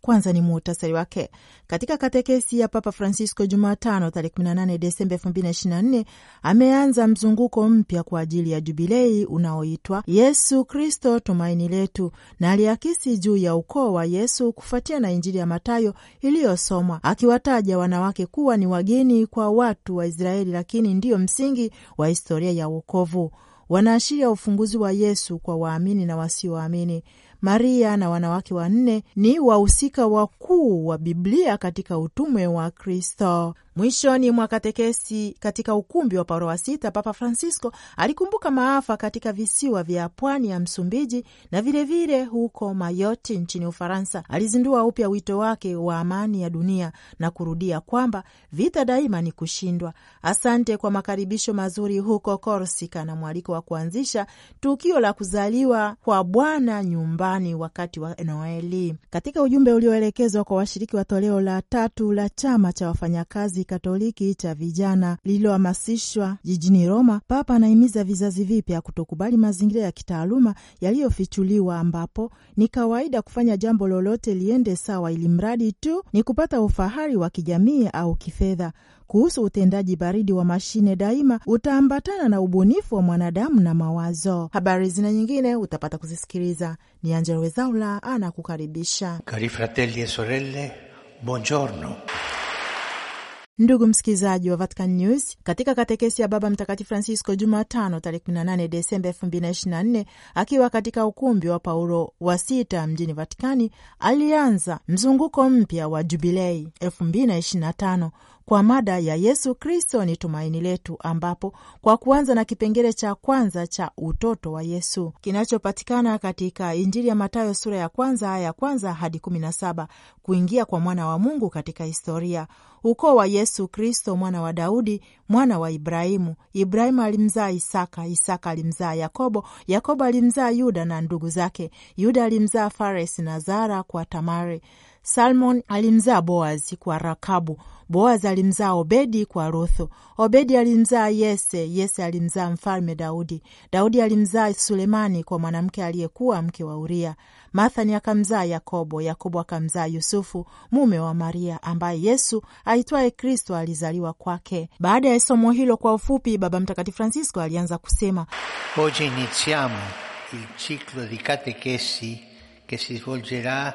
kwanza ni muhtasari wake. Katika katekesi ya Papa Francisco Jumatano tarehe 18 Desemba 2024 ameanza mzunguko mpya kwa ajili ya jubilei unaoitwa Yesu Kristo tumaini letu, na aliakisi juu ya ukoo wa Yesu kufuatia na Injili ya Matayo iliyosomwa akiwataja wanawake kuwa ni wageni kwa watu wa Israeli, lakini ndiyo msingi wa historia ya wokovu. Wanaashiria ufunguzi wa Yesu kwa waamini na wasioamini. Maria na wanawake wanne ni wahusika wakuu wa Biblia katika utume wa Kristo. Mwishoni mwa katekesi katika ukumbi wa Paulo wa Sita, Papa Francisco alikumbuka maafa katika visiwa vya pwani ya Msumbiji na vilevile vile huko Mayoti nchini Ufaransa. Alizindua upya wito wake wa amani ya dunia na kurudia kwamba vita daima ni kushindwa. Asante kwa makaribisho mazuri huko Korsika na mwaliko wa kuanzisha tukio la kuzaliwa kwa Bwana nyumbani wakati wa Noeli. Katika ujumbe ulioelekezwa kwa washiriki wa toleo la tatu la chama cha wafanyakazi Kikatoliki cha vijana lililohamasishwa jijini Roma, Papa anahimiza vizazi vipya kutokubali mazingira ya kitaaluma yaliyofichuliwa, ambapo ni kawaida kufanya jambo lolote liende sawa, ili mradi tu ni kupata ufahari wa kijamii au kifedha. Kuhusu utendaji baridi wa mashine daima utaambatana na ubunifu wa mwanadamu na mawazo. Habari zina nyingine utapata kuzisikiliza. Ni Angella Rwezaula anakukaribisha. Cari fratelli e sorelle, buongiorno. Ndugu msikilizaji wa Vatican News, katika katekesi ya Baba Mtakatifu Francisco Jumatano tarehe 18 Desemba 2024 akiwa katika ukumbi wa Paulo wa sita mjini Vatikani, alianza mzunguko mpya wa Jubilei 2025 kwa mada ya Yesu Kristo ni tumaini letu, ambapo kwa kuanza na kipengele cha kwanza cha utoto wa Yesu kinachopatikana katika Injili ya Mathayo sura ya kwanza aya ya kwanza hadi kumi na saba kuingia kwa mwana wa Mungu katika historia ukoo wa Yesu Kristo mwana wa Daudi mwana wa Ibrahimu. Ibrahimu alimzaa Isaka, Isaka alimzaa Yakobo, Yakobo alimzaa Yuda na ndugu zake, Yuda alimzaa Faresi na Zara kwa Tamari. Salmon alimzaa Boazi kwa Rakabu. Boazi alimzaa Obedi kwa Ruthu. Obedi alimzaa Yese. Yese alimzaa mfalme Daudi. Daudi alimzaa Sulemani kwa mwanamke aliyekuwa mke wa Uria. Mathani akamzaa Yakobo. Yakobo akamzaa Yusufu mume wa Maria, ambaye Yesu aitwaye Kristo alizaliwa kwake. Baada ya somo hilo kwa ufupi, Baba Mtakatifu Francisco alianza kusema, oggi iniziamo il ciclo di catechesi che si svolgerà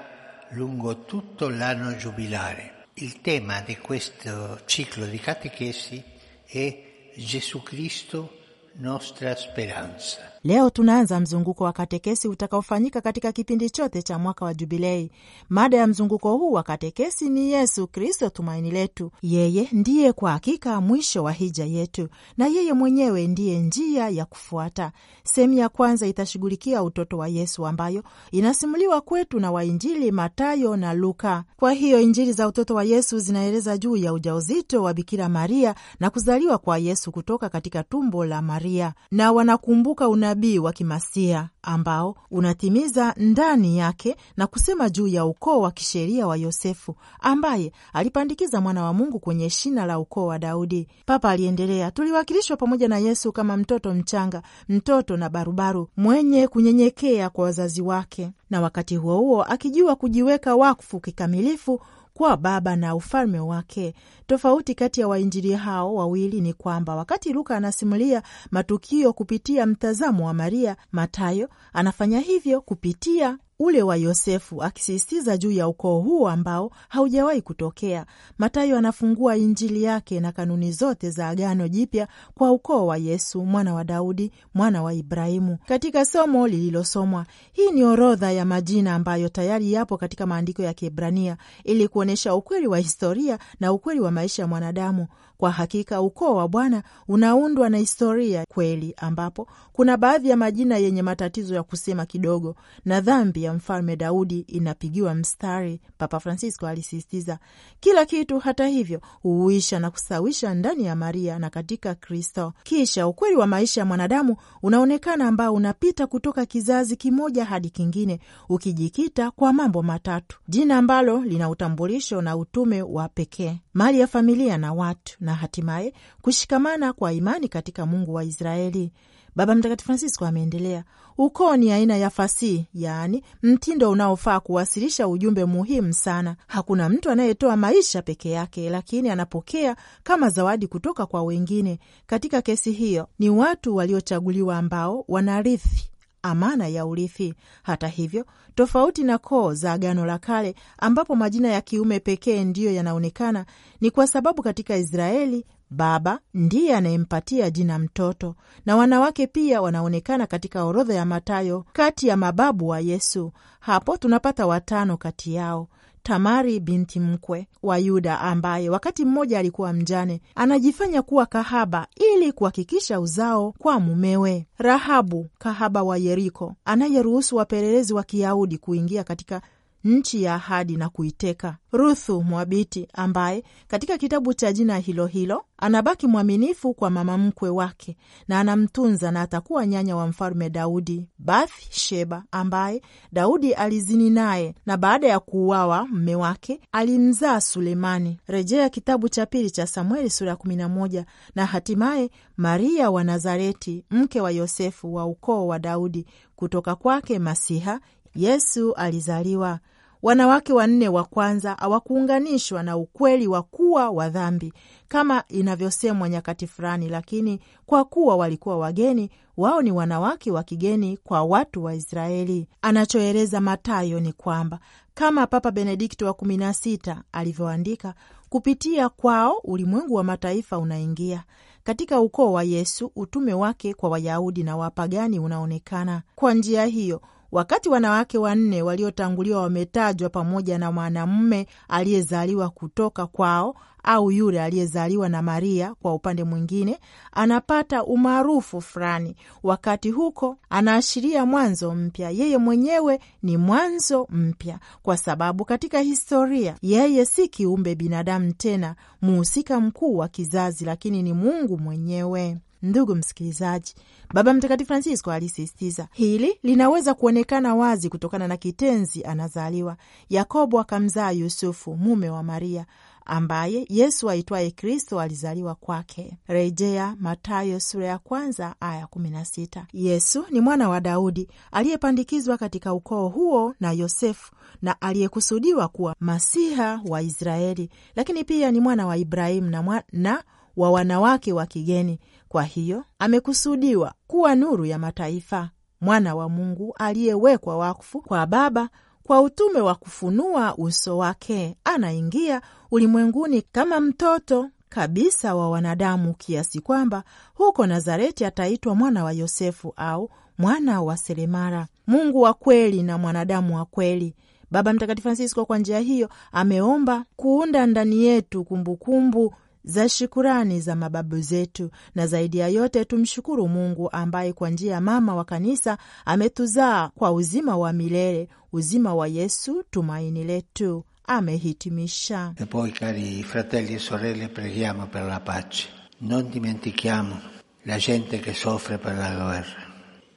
lungo tutto l'anno giubilare. Il tema di questo ciclo di catechesi è Gesù Cristo, nostra speranza. Leo tunaanza mzunguko wa katekesi utakaofanyika katika kipindi chote cha mwaka wa Jubilei. Mada ya mzunguko huu wa katekesi ni Yesu Kristo tumaini letu. Yeye ndiye kwa hakika mwisho wa hija yetu na yeye mwenyewe ndiye njia ya kufuata. Sehemu ya kwanza itashughulikia utoto wa Yesu ambayo inasimuliwa kwetu na wainjili Matayo na Luka. Kwa hiyo injili za utoto wa Yesu zinaeleza juu ya ujauzito wa Bikira Maria na kuzaliwa kwa Yesu kutoka katika tumbo la Maria na wanakumbuka una unabii wa kimasia ambao unatimiza ndani yake na kusema juu ya ukoo wa kisheria wa Yosefu ambaye alipandikiza mwana wa Mungu kwenye shina la ukoo wa Daudi. Papa aliendelea, tuliwakilishwa pamoja na Yesu kama mtoto mchanga, mtoto na barubaru mwenye kunyenyekea kwa wazazi wake, na wakati huo huo akijua kujiweka wakfu kikamilifu kuwa Baba na ufalme wake. Tofauti kati ya wainjili hao wawili ni kwamba wakati Luka anasimulia matukio kupitia mtazamo wa Maria, Matayo anafanya hivyo kupitia ule wa Yosefu, akisisitiza juu ya ukoo huo ambao haujawahi kutokea. Matayo anafungua Injili yake na kanuni zote za Agano Jipya kwa ukoo wa Yesu, mwana wa Daudi, mwana wa Ibrahimu. Katika somo lililosomwa, hii ni orodha ya majina ambayo tayari yapo katika maandiko ya Kiebrania ili kuonyesha ukweli wa historia na ukweli wa maisha ya mwanadamu. Kwa hakika ukoo wa Bwana unaundwa na historia kweli, ambapo kuna baadhi ya majina yenye matatizo ya kusema kidogo na dhambi ya mfalme Daudi inapigiwa mstari. Papa Francisco alisisitiza kila kitu, hata hivyo, huuisha na kusawisha ndani ya Maria na katika Kristo. Kisha ukweli wa maisha ya mwanadamu unaonekana, ambao unapita kutoka kizazi kimoja hadi kingine, ukijikita kwa mambo matatu: jina ambalo lina utambulisho na utume wa pekee, mali ya familia na watu, na hatimaye kushikamana kwa imani katika Mungu wa Israeli. Baba Mtakatifu Francisco ameendelea, ukoo ni aina ya fasihi, yaani mtindo unaofaa kuwasilisha ujumbe muhimu sana. Hakuna mtu anayetoa maisha peke yake, lakini anapokea kama zawadi kutoka kwa wengine. Katika kesi hiyo ni watu waliochaguliwa ambao wanarithi amana ya urithi. Hata hivyo, tofauti na koo za Agano la Kale ambapo majina ya kiume pekee ndiyo yanaonekana, ni kwa sababu katika Israeli Baba ndiye anayempatia jina mtoto, na wanawake pia wanaonekana katika orodha ya Mathayo kati ya mababu wa Yesu. Hapo tunapata watano kati yao Tamari binti mkwe wa Yuda ambaye wakati mmoja alikuwa mjane, anajifanya kuwa kahaba ili kuhakikisha uzao kwa mumewe. Rahabu kahaba wa Yeriko anayeruhusu wapelelezi wa Kiyahudi kuingia katika nchi ya ahadi na kuiteka. Ruthu Mwabiti, ambaye katika kitabu cha jina hilo hilo anabaki mwaminifu kwa mama mkwe wake na anamtunza na atakuwa nyanya wa mfalme Daudi. Bath Sheba, ambaye Daudi alizini naye na baada ya kuuawa mme wake alimzaa Sulemani. Rejea kitabu cha pili cha Samueli sura ya kumi na moja. Na hatimaye Maria wa Nazareti, mke wa Yosefu wa ukoo wa Daudi, kutoka kwake Masiha Yesu alizaliwa. Wanawake wanne wa kwanza hawakuunganishwa na ukweli wa kuwa wa dhambi kama inavyosemwa nyakati fulani, lakini kwa kuwa walikuwa wageni, wao ni wanawake wa kigeni kwa watu wa Israeli. Anachoeleza Matayo ni kwamba kama Papa Benedikto wa kumi na sita alivyoandika, kupitia kwao ulimwengu wa mataifa unaingia katika ukoo wa Yesu. Utume wake kwa Wayahudi na wapagani unaonekana kwa njia hiyo wakati wanawake wanne waliotanguliwa wametajwa pamoja na mwanamume aliyezaliwa kutoka kwao au yule aliyezaliwa na Maria kwa upande mwingine anapata umaarufu fulani, wakati huko anaashiria mwanzo mpya. Yeye mwenyewe ni mwanzo mpya, kwa sababu katika historia yeye si kiumbe binadamu tena, muhusika mkuu wa kizazi, lakini ni Mungu mwenyewe. Ndugu msikilizaji, Baba Mtakatifu Francisco alisisitiza hili linaweza kuonekana wazi kutokana na kitenzi anazaliwa. Yakobo akamzaa Yusufu mume wa Maria ambaye Yesu aitwaye Kristo alizaliwa kwake, rejea Mathayo sura ya kwanza aya kumi na sita. Yesu ni mwana wa Daudi aliyepandikizwa katika ukoo huo na Yosefu na aliyekusudiwa kuwa masiha wa Israeli, lakini pia ni mwana wa Ibrahimu na, mwa, na wa wanawake wa kigeni. Kwa hiyo amekusudiwa kuwa nuru ya mataifa, mwana wa Mungu aliyewekwa wakfu kwa Baba kwa utume wa kufunua uso wake. Anaingia ulimwenguni kama mtoto kabisa wa wanadamu, kiasi kwamba huko Nazareti ataitwa mwana wa Yosefu au mwana wa seremara, Mungu wa kweli na mwanadamu wa kweli. Baba Mtakatifu Francisco kwa njia hiyo ameomba kuunda ndani yetu kumbukumbu kumbu za shukurani za mababu zetu, na zaidi ya yote tumshukuru Mungu ambaye kwa njia ya mama wa kanisa ametuzaa kwa uzima wa milele, uzima wa Yesu tumaini letu, amehitimisha. E poi cari fratelli e sorelle preghiamo per la pace non dimentichiamo la gente che soffre per la guerra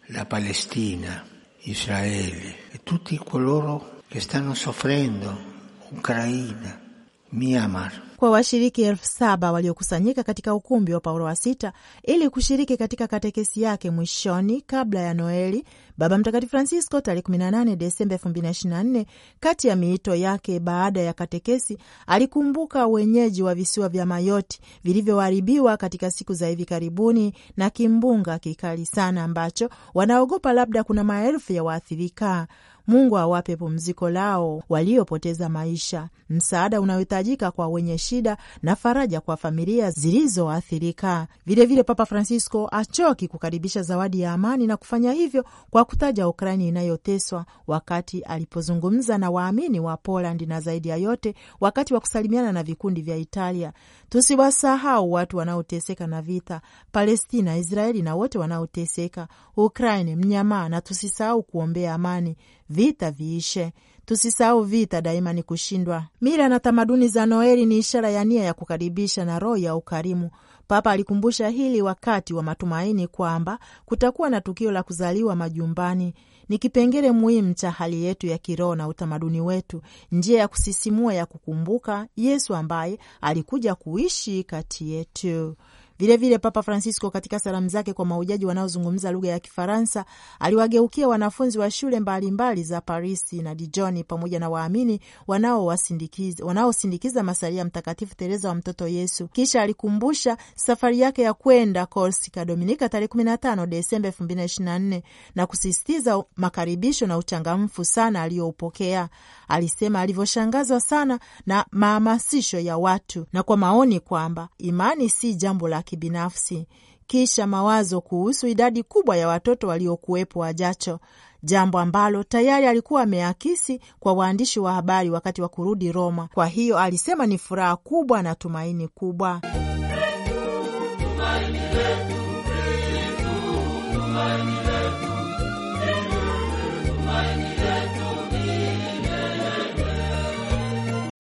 la Palestina, Israele e tutti coloro che stanno soffrendo Ucraina, Myanmar kwa washiriki elfu saba waliokusanyika katika ukumbi wa Paulo wa Sita ili kushiriki katika katekesi yake mwishoni kabla ya Noeli. Baba Mtakatifu Francisco tarehe 18 Desemba 2024, kati ya miito yake baada ya katekesi, alikumbuka wenyeji wa visiwa vya Mayoti vilivyoharibiwa katika siku za hivi karibuni na kimbunga kikali sana ambacho wanaogopa labda kuna maelfu ya waathirika Mungu awape pumziko lao waliopoteza maisha, msaada unaohitajika kwa wenye shida na faraja kwa familia zilizoathirika. Vilevile, Papa Francisco achoki kukaribisha zawadi ya amani na kufanya hivyo kwa kutaja Ukraini inayoteswa wakati alipozungumza na waamini wa Poland na zaidi ya yote wakati wa kusalimiana na vikundi vya Italia. Tusiwasahau watu wanaoteseka na vita, Palestina, Israeli na wote wanaoteseka Ukraini, mnyamaa, na tusisahau kuombea amani vita viishe. Tusisahau vita daima ni kushindwa. Mila na tamaduni za Noeli ni ishara ya nia ya kukaribisha na roho ya ukarimu. Papa alikumbusha hili wakati wa matumaini kwamba kutakuwa na tukio la kuzaliwa majumbani. Ni kipengele muhimu cha hali yetu ya kiroho na utamaduni wetu, njia ya kusisimua ya kukumbuka Yesu ambaye alikuja kuishi kati yetu. Vilevile Papa Francisco katika salamu zake kwa mahujaji wanaozungumza lugha ya Kifaransa aliwageukia wanafunzi wa shule mbalimbali mbali za Parisi na Dijoni pamoja na waamini wanaosindikiza wanao masalia Mtakatifu Tereza wa mtoto Yesu. Kisha alikumbusha safari yake ya kwenda Korsika Dominika tarehe 15 Desemba 2024 na kusisitiza makaribisho na uchangamfu sana aliyoupokea. Alisema alivyoshangazwa sana na mahamasisho ya watu na kwa maoni kwamba imani si jambo la kibinafsi, kisha mawazo kuhusu idadi kubwa ya watoto waliokuwepo wajacho, jambo ambalo tayari alikuwa ameakisi kwa waandishi wa habari wakati wa kurudi Roma. Kwa hiyo alisema ni furaha kubwa na tumaini kubwa.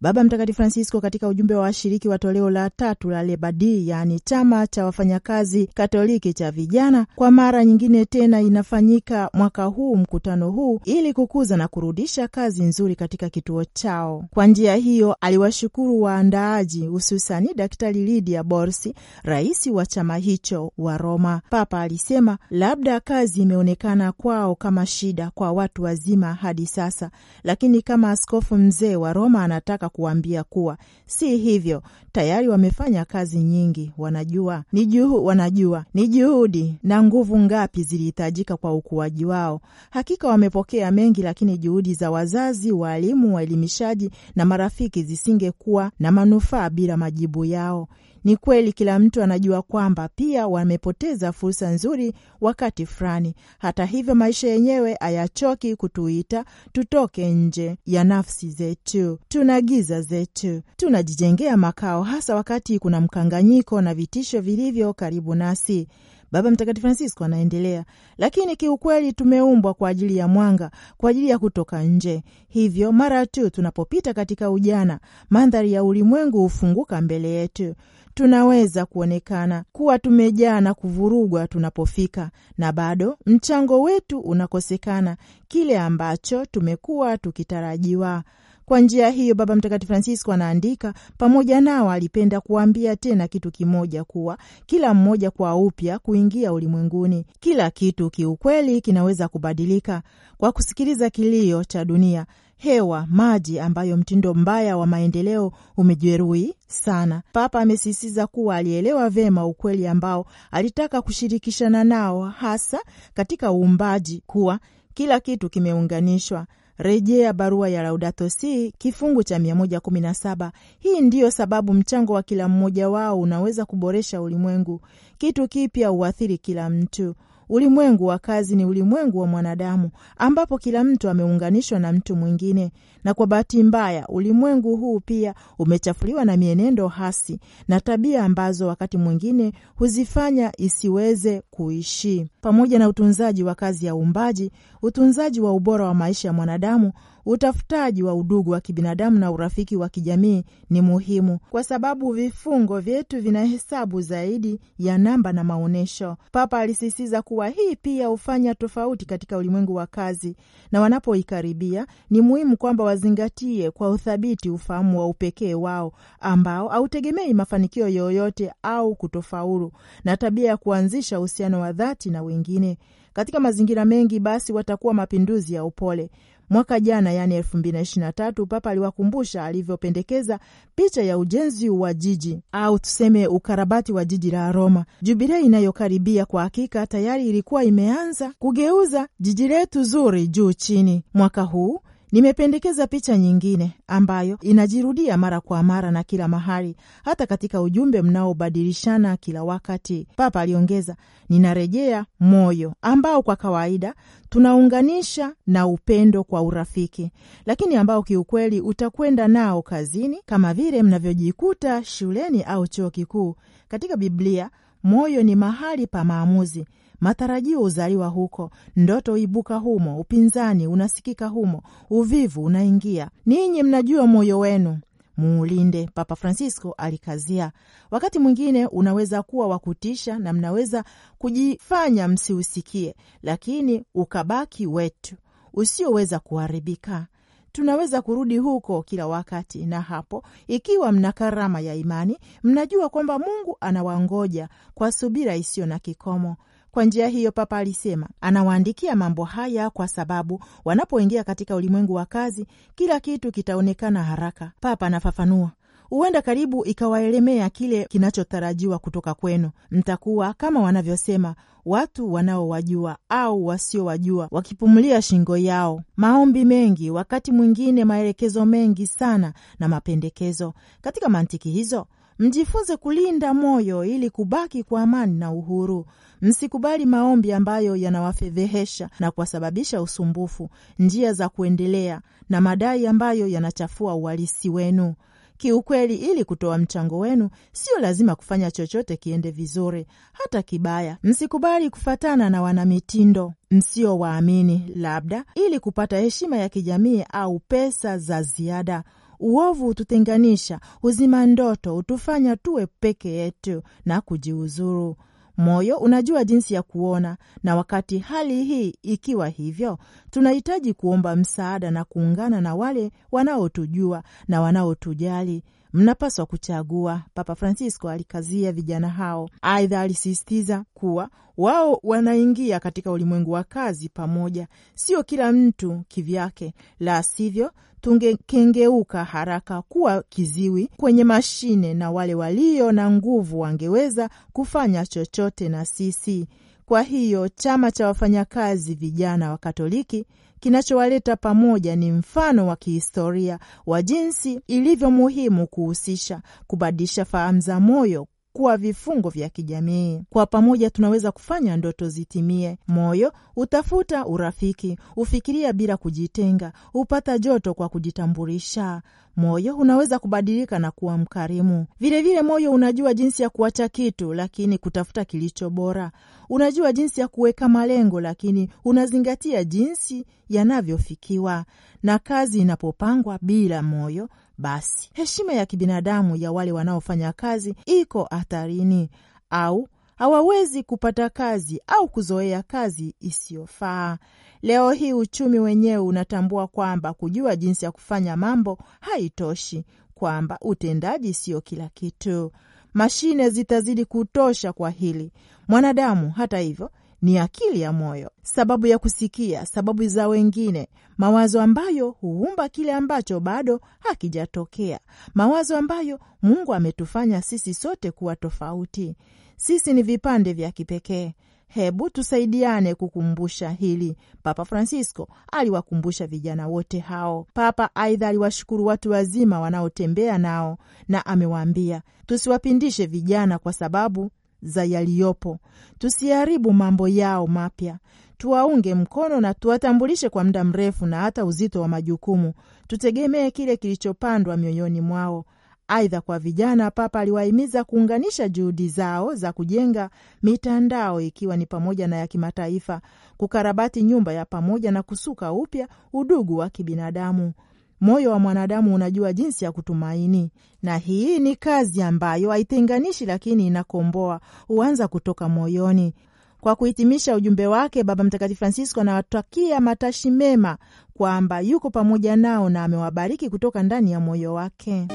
Baba Mtakatifu Francisco katika ujumbe wa washiriki wa toleo la tatu la Lebadi, yaani chama cha wafanyakazi Katoliki cha vijana, kwa mara nyingine tena inafanyika mwaka huu mkutano huu ili kukuza na kurudisha kazi nzuri katika kituo chao. Kwa njia hiyo, aliwashukuru waandaaji, hususani Daktari Lidia Borsi, rais wa chama hicho wa Roma. Papa alisema labda kazi imeonekana kwao kama shida kwa watu wazima hadi sasa, lakini kama askofu mzee wa Roma anataka kuwambia kuwa si hivyo. Tayari wamefanya kazi nyingi, wanajua ni juhu, wanajua ni juhudi na nguvu ngapi zilihitajika kwa ukuaji wao. Hakika wamepokea mengi, lakini juhudi za wazazi, waalimu, waelimishaji na marafiki zisingekuwa na manufaa bila majibu yao. Ni kweli kila mtu anajua kwamba pia wamepoteza fursa nzuri wakati fulani. Hata hivyo, maisha yenyewe hayachoki kutuita tutoke nje ya nafsi zetu. Tuna giza zetu, tunajijengea makao, hasa wakati kuna mkanganyiko na vitisho vilivyo karibu nasi. Baba Mtakatifu Francisco anaendelea, lakini kiukweli tumeumbwa kwa ajili ya mwanga, kwa ajili ya kutoka nje. Hivyo mara tu tunapopita katika ujana, mandhari ya ulimwengu hufunguka mbele yetu tunaweza kuonekana kuwa tumejaa na kuvurugwa tunapofika, na bado mchango wetu unakosekana kile ambacho tumekuwa tukitarajiwa. Kwa njia hiyo, Baba Mtakatifu Francisco anaandika, pamoja nao alipenda kuambia tena kitu kimoja, kuwa kila mmoja kwa upya kuingia ulimwenguni. Kila kitu kiukweli kinaweza kubadilika kwa kusikiliza kilio cha dunia hewa, maji ambayo mtindo mbaya wa maendeleo umejeruhi sana. Papa amesisitiza kuwa alielewa vema ukweli ambao alitaka kushirikishana nao, hasa katika uumbaji, kuwa kila kitu kimeunganishwa. Rejea barua ya Laudato Si kifungu cha 117. Hii ndiyo sababu mchango wa kila mmoja wao unaweza kuboresha ulimwengu. Kitu kipya huathiri kila mtu. Ulimwengu wa kazi ni ulimwengu wa mwanadamu ambapo kila mtu ameunganishwa na mtu mwingine, na kwa bahati mbaya ulimwengu huu pia umechafuliwa na mienendo hasi na tabia ambazo wakati mwingine huzifanya isiweze kuishi. Pamoja na utunzaji wa kazi ya uumbaji, utunzaji wa ubora wa maisha ya mwanadamu Utafutaji wa udugu wa kibinadamu na urafiki wa kijamii ni muhimu kwa sababu vifungo vyetu vinahesabu zaidi ya namba na maonyesho. Papa alisisitiza kuwa hii pia hufanya tofauti katika ulimwengu wa kazi, na wanapoikaribia ni muhimu kwamba wazingatie kwa uthabiti ufahamu wa upekee wao ambao hautegemei mafanikio yoyote au kutofaulu, na tabia ya kuanzisha uhusiano wa dhati na wengine. Katika mazingira mengi, basi watakuwa mapinduzi ya upole Mwaka jana, yani 2023, Papa aliwakumbusha alivyopendekeza picha ya ujenzi wa jiji au tuseme ukarabati wa jiji la Roma. Jubilei inayokaribia kwa hakika tayari ilikuwa imeanza kugeuza jiji letu zuri juu chini. Mwaka huu Nimependekeza picha nyingine ambayo inajirudia mara kwa mara na kila mahali, hata katika ujumbe mnaobadilishana kila wakati. Papa aliongeza, ninarejea moyo ambao kwa kawaida tunaunganisha na upendo kwa urafiki, lakini ambao kiukweli utakwenda nao kazini, kama vile mnavyojikuta shuleni au chuo kikuu. Katika Biblia, moyo ni mahali pa maamuzi Matarajio huzaliwa huko, ndoto uibuka humo, upinzani unasikika humo, uvivu unaingia. Ninyi mnajua moyo wenu, muulinde. Papa Francisco alikazia. Wakati mwingine unaweza kuwa wa kutisha na mnaweza kujifanya msiusikie, lakini ukabaki wetu usioweza kuharibika. Tunaweza kurudi huko kila wakati, na hapo, ikiwa mna karama ya imani, mnajua kwamba Mungu anawangoja kwa subira isiyo na kikomo. Kwa njia hiyo, Papa alisema anawaandikia mambo haya kwa sababu wanapoingia katika ulimwengu wa kazi, kila kitu kitaonekana haraka. Papa anafafanua huenda karibu ikawaelemea kile kinachotarajiwa kutoka kwenu. Mtakuwa kama wanavyosema watu wanaowajua au wasiowajua, wakipumulia shingo yao, maombi mengi, wakati mwingine maelekezo mengi sana na mapendekezo. Katika mantiki hizo, mjifunze kulinda moyo ili kubaki kwa amani na uhuru. Msikubali maombi ambayo yanawafedhehesha na kuwasababisha usumbufu, njia za kuendelea na madai ambayo yanachafua uhalisi wenu. Kiukweli, ili kutoa mchango wenu, sio lazima kufanya chochote kiende vizuri, hata kibaya. Msikubali kufatana na wanamitindo msio waamini, labda ili kupata heshima ya kijamii au pesa za ziada. Uovu hututenganisha, huzima ndoto, hutufanya tuwe peke yetu na kujiuzuru. Moyo unajua jinsi ya kuona, na wakati hali hii ikiwa hivyo, tunahitaji kuomba msaada na kuungana na wale wanaotujua na wanaotujali mnapaswa kuchagua. Papa Francisco alikazia vijana hao. Aidha, alisisitiza kuwa wao wanaingia katika ulimwengu wa kazi pamoja, sio kila mtu kivyake, la sivyo tungekengeuka haraka kuwa kiziwi kwenye mashine, na wale walio na nguvu wangeweza kufanya chochote na sisi. Kwa hiyo chama cha wafanyakazi vijana wa Katoliki Kinachowaleta pamoja ni mfano wa kihistoria wa jinsi ilivyo muhimu kuhusisha, kubadilisha fahamu za moyo kuwa vifungo vya kijamii. Kwa pamoja tunaweza kufanya ndoto zitimie. Moyo utafuta urafiki, ufikiria bila kujitenga, hupata joto kwa kujitambulisha. Moyo unaweza kubadilika na kuwa mkarimu. Vilevile moyo unajua jinsi ya kuacha kitu, lakini kutafuta kilicho bora. Unajua jinsi ya kuweka malengo, lakini unazingatia jinsi yanavyofikiwa. Na kazi inapopangwa bila moyo basi heshima ya kibinadamu ya wale wanaofanya kazi iko hatarini au hawawezi kupata kazi au kuzoea kazi isiyofaa. Leo hii uchumi wenyewe unatambua kwamba kujua jinsi ya kufanya mambo haitoshi, kwamba utendaji sio kila kitu. Mashine zitazidi kutosha kwa hili. Mwanadamu, hata hivyo, ni akili ya moyo, sababu ya kusikia, sababu za wengine, mawazo ambayo huumba kile ambacho bado hakijatokea, mawazo ambayo Mungu ametufanya sisi sote kuwa tofauti. Sisi ni vipande vya kipekee. Hebu tusaidiane kukumbusha hili. Papa Francisco aliwakumbusha vijana wote hao. Papa aidha aliwashukuru watu wazima wanaotembea nao na amewaambia tusiwapindishe vijana, kwa sababu za yaliyopo. Tusiharibu mambo yao mapya, tuwaunge mkono na tuwatambulishe kwa muda mrefu na hata uzito wa majukumu. Tutegemee kile kilichopandwa mioyoni mwao. Aidha, kwa vijana, Papa aliwahimiza kuunganisha juhudi zao za kujenga mitandao ikiwa ni pamoja na ya kimataifa, kukarabati nyumba ya pamoja na kusuka upya udugu wa kibinadamu. Moyo wa mwanadamu unajua jinsi ya kutumaini, na hii ni kazi ambayo haitenganishi, lakini inakomboa, huanza kutoka moyoni. Kwa kuhitimisha ujumbe wake, Baba Mtakatifu Francisco anawatakia matashi mema kwamba yuko pamoja nao na amewabariki kutoka ndani ya moyo wake.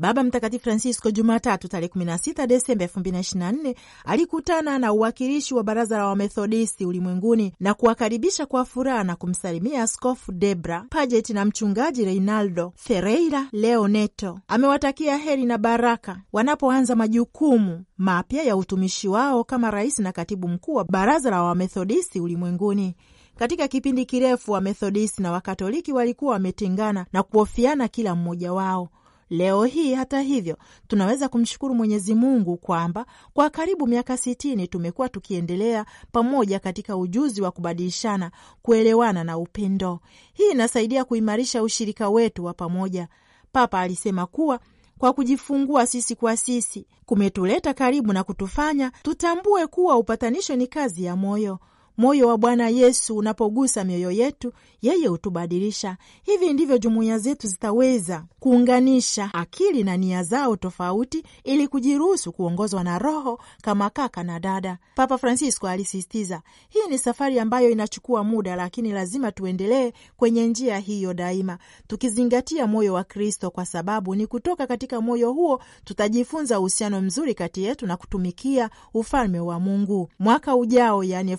Baba Mtakatifu Francisco Jumatatu tarehe 16 Desemba 2024 alikutana na uwakilishi wa Baraza la Wamethodisti ulimwenguni na kuwakaribisha kwa furaha na kumsalimia Askofu Debra Paget na mchungaji Reinaldo Ferreira Leoneto. Amewatakia heri na baraka wanapoanza majukumu mapya ya utumishi wao kama rais na katibu mkuu wa Baraza la Wamethodisti ulimwenguni. Katika kipindi kirefu Wamethodisti na Wakatoliki walikuwa wametengana na kuhofiana kila mmoja wao. Leo hii hata hivyo, tunaweza kumshukuru Mwenyezi Mungu kwamba kwa karibu miaka sitini tumekuwa tukiendelea pamoja katika ujuzi wa kubadilishana, kuelewana na upendo. Hii inasaidia kuimarisha ushirika wetu wa pamoja. Papa alisema kuwa kwa kujifungua sisi kwa sisi kumetuleta karibu na kutufanya tutambue kuwa upatanisho ni kazi ya moyo. Moyo wa Bwana Yesu unapogusa mioyo yetu, yeye hutubadilisha. Hivi ndivyo jumuiya zetu zitaweza kuunganisha akili na nia zao tofauti ili kujiruhusu kuongozwa na Roho kama kaka na dada. Papa Francisco alisisitiza, hii ni safari ambayo inachukua muda, lakini lazima tuendelee kwenye njia hiyo daima, tukizingatia moyo wa Kristo, kwa sababu ni kutoka katika moyo huo tutajifunza uhusiano mzuri kati yetu na kutumikia ufalme wa Mungu. Mwaka ujao, yani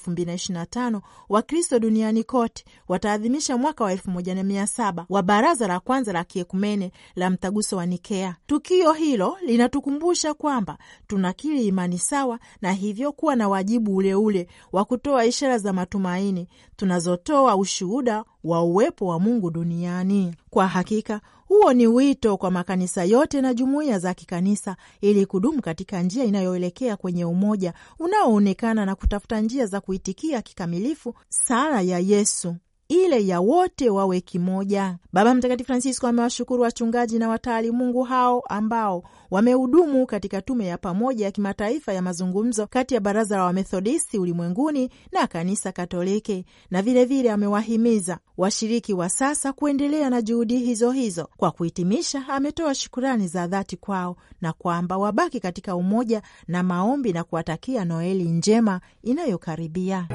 25 Wakristo duniani kote wataadhimisha mwaka wa 1700 wa Baraza la Kwanza la Kiekumene la Mtaguso wa Nikea. Tukio hilo linatukumbusha kwamba tunakiri imani sawa na hivyo kuwa na wajibu uleule wa kutoa ishara za matumaini tunazotoa ushuhuda wa uwepo wa Mungu duniani. Kwa hakika huo ni wito kwa makanisa yote na jumuiya za kikanisa ili kudumu katika njia inayoelekea kwenye umoja unaoonekana na kutafuta njia za kuitikia kikamilifu sala ya Yesu ile ya wote wawe kimoja. Baba Mtakatifu Francisco amewashukuru wachungaji na wataali Mungu hao ambao wamehudumu katika tume ya pamoja ya kimataifa ya mazungumzo kati ya Baraza la Wamethodisti ulimwenguni na Kanisa Katoliki, na vilevile amewahimiza washiriki wa sasa kuendelea na juhudi hizo hizo. Kwa kuhitimisha, ametoa shukurani za dhati kwao na kwamba wabaki katika umoja na maombi na kuwatakia Noeli njema inayokaribia.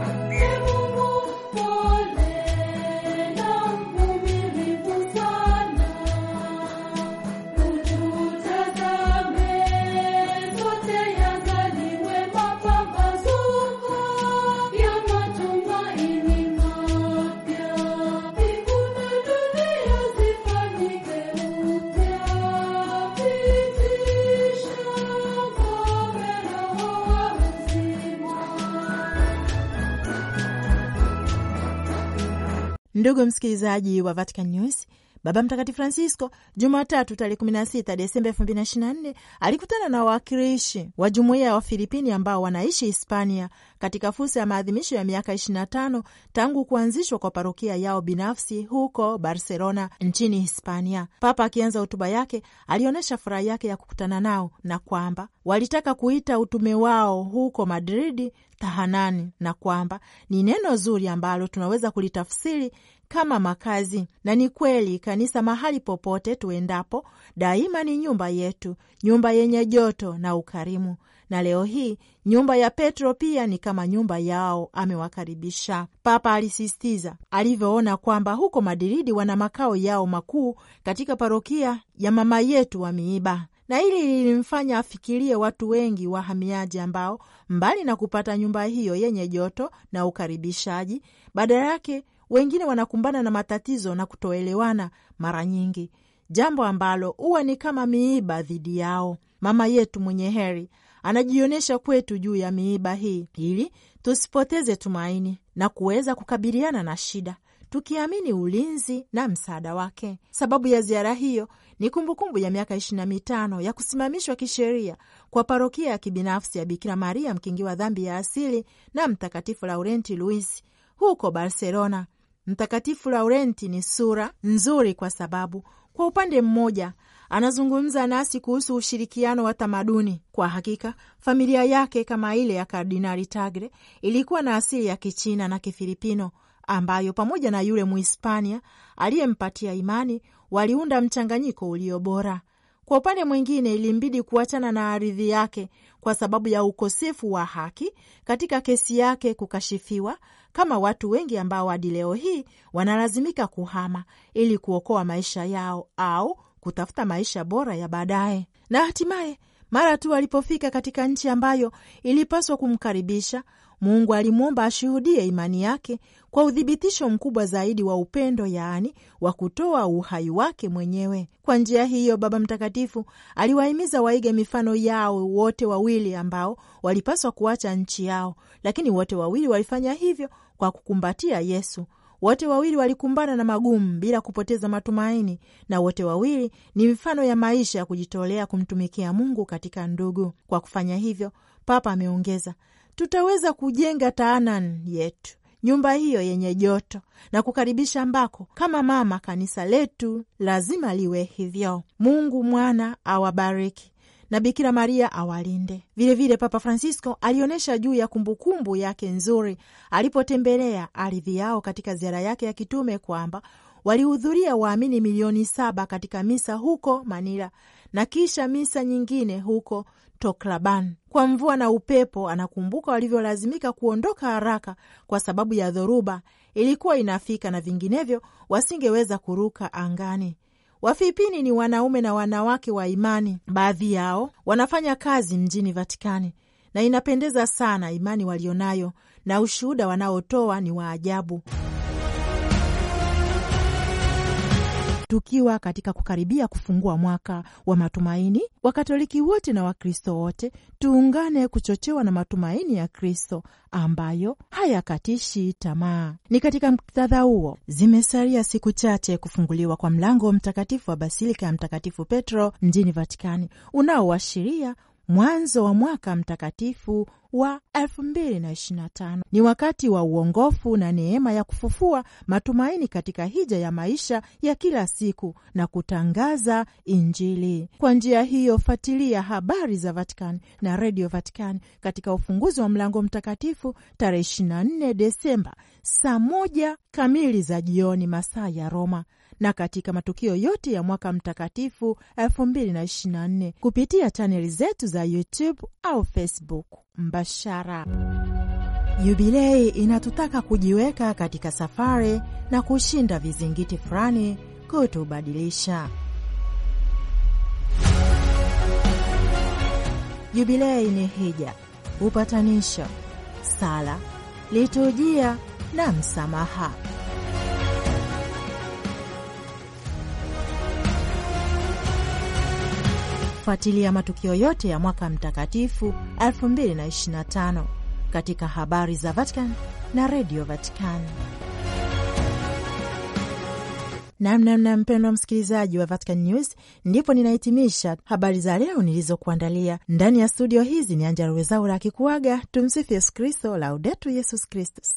Ndugu msikilizaji wa Vatican News, Baba Mtakatifu Francisco Jumatatu tarehe 16 Desemba 2024 alikutana na wawakilishi wa jumuiya ya Wafilipini ambao wanaishi Hispania katika fursa ya maadhimisho ya miaka 25 tangu kuanzishwa kwa parokia yao binafsi huko Barcelona nchini Hispania. Papa akianza hotuba yake alionyesha furaha yake ya kukutana nao na kwamba walitaka kuita utume wao huko Madridi tahanani na kwamba ni neno zuri ambalo tunaweza kulitafsiri kama makazi. Na ni kweli kanisa, mahali popote tuendapo, daima ni nyumba yetu, nyumba yenye joto na ukarimu. Na leo hii nyumba ya Petro pia ni kama nyumba yao, amewakaribisha. Papa alisisitiza alivyoona kwamba huko Madridi wana makao yao makuu katika parokia ya mama yetu wa miiba na hili lilimfanya afikirie watu wengi wahamiaji ambao mbali na kupata nyumba hiyo yenye joto na ukaribishaji, badala yake wengine wanakumbana na matatizo na kutoelewana mara nyingi, jambo ambalo huwa ni kama miiba dhidi yao. Mama yetu mwenye heri anajionyesha kwetu juu ya miiba hii, ili tusipoteze tumaini na kuweza kukabiliana na shida tukiamini ulinzi na msaada wake. Sababu ya ziara hiyo ni kumbukumbu ya miaka ishirini na mitano ya kusimamishwa kisheria kwa parokia ya kibinafsi ya Bikira Maria mkingi wa dhambi ya asili na Mtakatifu Laurenti Luis huko Barcelona Mtakatifu Laurenti ni sura nzuri kwa sababu kwa upande mmoja anazungumza nasi kuhusu ushirikiano wa tamaduni. Kwa hakika, familia yake kama ile ya Kardinali Tagre ilikuwa na asili ya Kichina na Kifilipino, ambayo pamoja na yule Muhispania aliyempatia imani waliunda mchanganyiko ulio bora. Kwa upande mwingine, ilimbidi kuachana na ardhi yake kwa sababu ya ukosefu wa haki katika kesi yake kukashifiwa kama watu wengi ambao hadi leo hii wanalazimika kuhama ili kuokoa maisha yao au kutafuta maisha bora ya baadaye. Na hatimaye mara tu alipofika katika nchi ambayo ilipaswa kumkaribisha, Mungu alimwomba ashuhudie imani yake kwa uthibitisho mkubwa zaidi wa upendo, yaani wa kutoa uhai wake mwenyewe. Kwa njia hiyo, Baba Mtakatifu aliwahimiza waige mifano yao wote wawili ambao walipaswa kuacha nchi yao, lakini wote wawili walifanya hivyo kwa kukumbatia Yesu. Wote wawili walikumbana na magumu bila kupoteza matumaini, na wote wawili ni mifano ya maisha ya kujitolea kumtumikia Mungu katika ndugu. Kwa kufanya hivyo, Papa ameongeza, tutaweza kujenga taanan yetu nyumba hiyo yenye joto na kukaribisha, ambako kama mama kanisa letu lazima liwe hivyo. Mungu Mwana awabariki na Bikira Maria awalinde. Vilevile vile Papa Francisco alionyesha juu ya kumbukumbu yake nzuri alipotembelea ardhi yao katika ziara yake ya kitume kwamba walihudhuria waamini milioni saba katika misa huko Manila na kisha misa nyingine huko toklaban Kwa mvua na upepo, anakumbuka walivyolazimika kuondoka haraka kwa sababu ya dhoruba ilikuwa inafika, na vinginevyo wasingeweza kuruka angani. Wafilipini ni wanaume na wanawake wa imani. Baadhi yao wanafanya kazi mjini Vatikani, na inapendeza sana imani walionayo na ushuhuda wanaotoa ni wa ajabu. tukiwa katika kukaribia kufungua mwaka wa matumaini, Wakatoliki wote na Wakristo wote tuungane kuchochewa na matumaini ya Kristo ambayo hayakatishi tamaa. Ni katika muktadha huo, zimesalia siku chache kufunguliwa kwa mlango mtakatifu wa basilika ya Mtakatifu Petro mjini Vatikani unaoashiria mwanzo wa mwaka mtakatifu wa 2025 ni wakati wa uongofu na neema ya kufufua matumaini katika hija ya maisha ya kila siku na kutangaza Injili. Kwa njia hiyo, fatilia habari za Vatikani na redio Vatikani katika ufunguzi wa mlango mtakatifu tarehe 24 Desemba saa moja kamili za jioni masaa ya Roma na katika matukio yote ya mwaka mtakatifu 2024 kupitia chaneli zetu za YouTube au Facebook mbashara. Yubilei inatutaka kujiweka katika safari na kushinda vizingiti fulani kutubadilisha. Jubilei ni hija, upatanisho, sala, liturujia na msamaha. kufuatilia matukio yote ya mwaka mtakatifu 2025 katika habari za Vatican na redio Vatican. Namnamna mpendwa msikilizaji wa Vatican News, ndipo ninahitimisha habari za leo nilizokuandalia ndani ya studio hizi. Ni Angela Rwezaura akikuaga. Tumsifu Yesu Kristo, Laudetu Yesus Kristus.